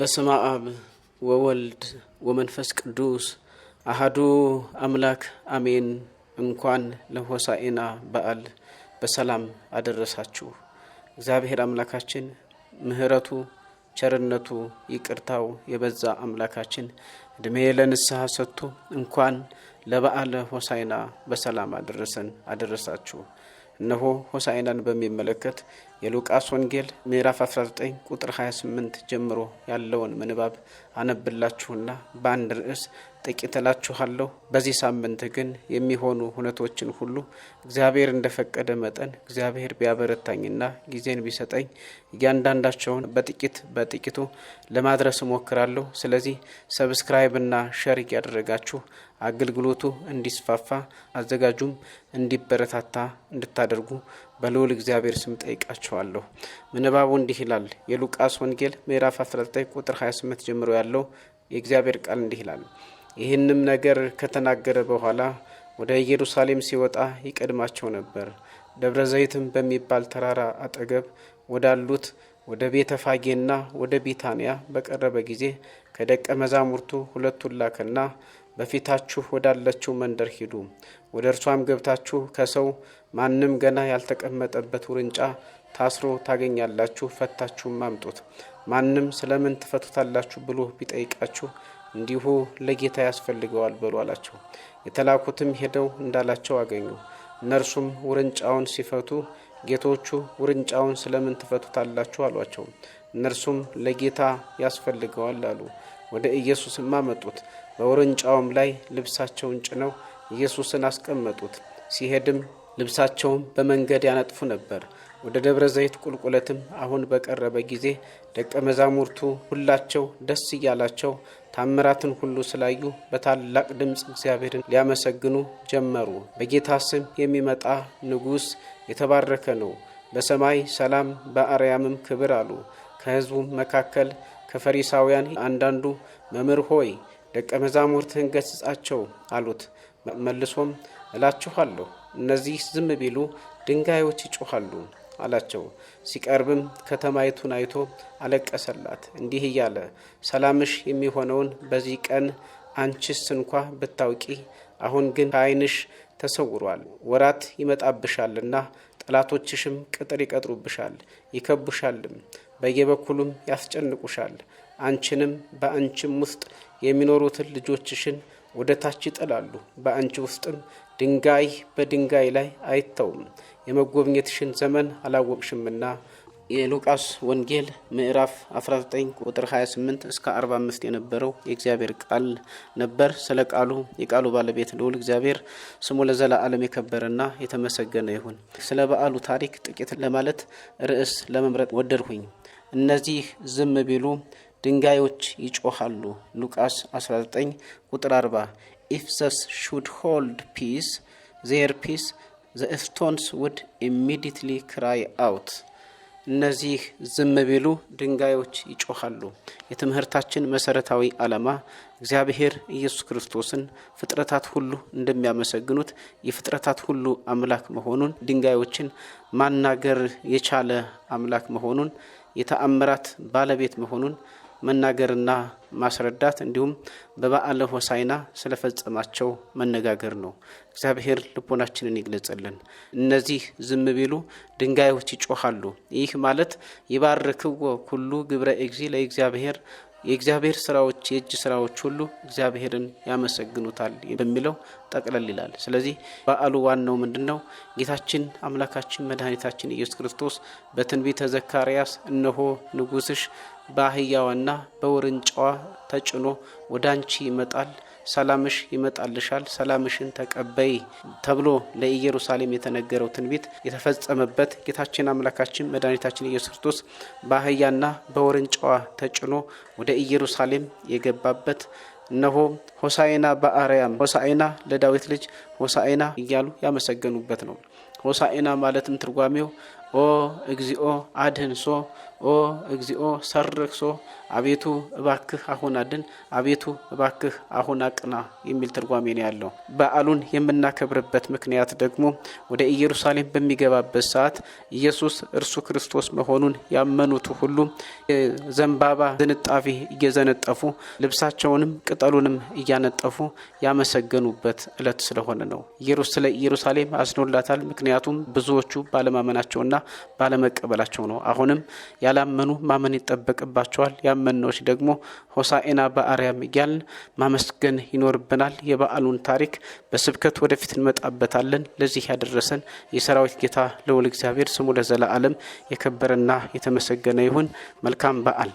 በስመ አብ ወወልድ ወመንፈስ ቅዱስ አህዱ አምላክ አሜን። እንኳን ለሆሳዕና በዓል በሰላም አደረሳችሁ። እግዚአብሔር አምላካችን ምሕረቱ ቸርነቱ ይቅርታው የበዛ አምላካችን እድሜ ለንስሐ ሰጥቶ እንኳን ለበዓለ ሆሳዕና በሰላም አደረሰን አደረሳችሁ። እነሆ ሆሳዕናን በሚመለከት የሉቃስ ወንጌል ምዕራፍ 19 ቁጥር 28 ጀምሮ ያለውን ምንባብ አነብላችሁና በአንድ ርዕስ ጥቂት እላችኋለሁ። በዚህ ሳምንት ግን የሚሆኑ ሁነቶችን ሁሉ እግዚአብሔር እንደፈቀደ መጠን እግዚአብሔር ቢያበረታኝና ጊዜን ቢሰጠኝ እያንዳንዳቸውን በጥቂት በጥቂቱ ለማድረስ እሞክራለሁ። ስለዚህ ሰብስክራይብና ሸር እያደረጋችሁ አገልግሎቱ እንዲስፋፋ አዘጋጁም እንዲበረታታ እንድታደርጉ በልዑል እግዚአብሔር ስም ጠይቃችኋለሁ። ምንባቡ እንዲህ ይላል። የሉቃስ ወንጌል ምዕራፍ 19 ቁጥር 28 ጀምሮ ያለው የእግዚአብሔር ቃል እንዲህ ይላል። ይህንም ነገር ከተናገረ በኋላ ወደ ኢየሩሳሌም ሲወጣ ይቀድማቸው ነበር። ደብረ ዘይትም በሚባል ተራራ አጠገብ ወዳሉት ወደ ቤተ ፋጌና ወደ ቢታንያ በቀረበ ጊዜ ከደቀ መዛሙርቱ ሁለቱን ላከና በፊታችሁ ወዳለችው መንደር ሂዱ፣ ወደ እርሷም ገብታችሁ ከሰው ማንም ገና ያልተቀመጠበት ውርንጫ ታስሮ ታገኛላችሁ፣ ፈታችሁም አምጡት። ማንም ስለምን ትፈቱታላችሁ ብሎ ቢጠይቃችሁ እንዲሁ ለጌታ ያስፈልገዋል በሉ አላቸው። የተላኩትም ሄደው እንዳላቸው አገኙ። እነርሱም ውርንጫውን ሲፈቱ ጌቶቹ ውርንጫውን ስለምን ትፈቱታላችሁ? አሏቸው። እነርሱም ለጌታ ያስፈልገዋል አሉ። ወደ ኢየሱስም አመጡት። በውርንጫውም ላይ ልብሳቸውን ጭነው ኢየሱስን አስቀመጡት። ሲሄድም ልብሳቸውም በመንገድ ያነጥፉ ነበር። ወደ ደብረ ዘይት ቁልቁለትም አሁን በቀረበ ጊዜ ደቀ መዛሙርቱ ሁላቸው ደስ እያላቸው ታምራትን ሁሉ ስላዩ በታላቅ ድምፅ እግዚአብሔርን ሊያመሰግኑ ጀመሩ። በጌታ ስም የሚመጣ ንጉሥ የተባረከ ነው፣ በሰማይ ሰላም፣ በአርያምም ክብር አሉ። ከሕዝቡም መካከል ከፈሪሳውያን አንዳንዱ መምህር ሆይ ደቀ መዛሙርትህን ገስጻቸው አሉት። መልሶም እላችኋለሁ እነዚህ ዝም ቢሉ ድንጋዮች ይጮኻሉ አላቸው። ሲቀርብም ከተማይቱን አይቶ አለቀሰላት እንዲህ እያለ ሰላምሽ የሚሆነውን በዚህ ቀን አንቺስ እንኳ ብታውቂ፣ አሁን ግን ከዓይንሽ ተሰውሯል። ወራት ይመጣብሻልና ጠላቶችሽም ቅጥር ይቀጥሩብሻል፣ ይከቡሻልም፣ በየበኩሉም ያስጨንቁሻል። አንቺንም በአንቺም ውስጥ የሚኖሩትን ልጆችሽን ወደ ታች ይጥላሉ፣ በአንቺ ውስጥም ድንጋይ በድንጋይ ላይ አይተውም። የመጎብኘትሽን ዘመን አላወቅሽምና። የሉቃስ ወንጌል ምዕራፍ 19 ቁጥር 28 እስከ 45 የነበረው የእግዚአብሔር ቃል ነበር። ስለ ቃሉ የቃሉ ባለቤት ልዑል እግዚአብሔር ስሙ ለዘላለም የከበረና የተመሰገነ ይሁን። ስለ በዓሉ ታሪክ ጥቂት ለማለት ርዕስ ለመምረጥ ወደድሁኝ። እነዚህ ዝም ቢሉ ድንጋዮች ይጮሃሉ ሉቃስ 19 ቁጥር 40 ኢፍሰስ ሹድ ሆልድ ፒስ ዜር ፒስ ዘ ኢፍቶንስ ውድ ኢሚዲትሊ ክራይ አውት። እነዚህ ዝም ቢሉ ድንጋዮች ይጮኻሉ። የትምህርታችን መሰረታዊ ዓላማ እግዚአብሔር ኢየሱስ ክርስቶስን ፍጥረታት ሁሉ እንደሚያመሰግኑት የፍጥረታት ሁሉ አምላክ መሆኑን፣ ድንጋዮችን ማናገር የቻለ አምላክ መሆኑን፣ የተአምራት ባለቤት መሆኑን መናገርና ማስረዳት እንዲሁም በበዓለ ሆሳይና ስለፈጸማቸው መነጋገር ነው። እግዚአብሔር ልቦናችንን ይግለጽልን። እነዚህ ዝም ቢሉ ድንጋዮች ይጮኻሉ። ይህ ማለት ይባርክዎ ኩሉ ግብረ እግዚ ለእግዚአብሔር የእግዚአብሔር ስራዎች የእጅ ስራዎች ሁሉ እግዚአብሔርን ያመሰግኑታል በሚለው ጠቅለል ይላል። ስለዚህ በዓሉ ዋናው ምንድን ነው? ጌታችን አምላካችን መድኃኒታችን ኢየሱስ ክርስቶስ በትንቢተ ዘካርያስ እነሆ ንጉስሽ በአህያዋና በውርንጫዋ ተጭኖ ወደ አንቺ ይመጣል ሰላምሽ ይመጣልሻል፣ ሰላምሽን ተቀበይ ተብሎ ለኢየሩሳሌም የተነገረው ትንቢት የተፈጸመበት ጌታችን አምላካችን መድኃኒታችን ኢየሱስ ክርስቶስ በአህያና በወርንጫዋ ተጭኖ ወደ ኢየሩሳሌም የገባበት እነሆ ሆሳዕና በአርያም ሆሳዕና ለዳዊት ልጅ ሆሳዕና እያሉ ያመሰገኑበት ነው። ሆሳዕና ማለትም ትርጓሜው ኦ እግዚኦ አድህንሶ ኦ እግዚኦ ሰርክሶ አቤቱ እባክህ አሁን አድን፣ አቤቱ እባክህ አሁን አቅና የሚል ትርጓሜ ነው ያለው። በዓሉን የምናከብርበት ምክንያት ደግሞ ወደ ኢየሩሳሌም በሚገባበት ሰዓት ኢየሱስ እርሱ ክርስቶስ መሆኑን ያመኑት ሁሉ ዘንባባ ዝንጣፊ እየዘነጠፉ ልብሳቸውንም ቅጠሉንም እያነጠፉ ያመሰገኑበት ዕለት ስለሆነ ነው። ኢየሩሳሌም አዝኖላታል። ምክንያቱም ብዙዎቹ ባለማመናቸውና ና ባለመቀበላቸው ነው። አሁንም ያላመኑ ማመን ይጠበቅባቸዋል። ያመነዎች ደግሞ ሆሳኤና በአርያም እያልን ማመስገን ይኖርብናል። የበዓሉን ታሪክ በስብከት ወደፊት እንመጣበታለን። ለዚህ ያደረሰን የሰራዊት ጌታ ልዑል እግዚአብሔር ስሙ ለዘለዓለም የከበረና የተመሰገነ ይሁን። መልካም በዓል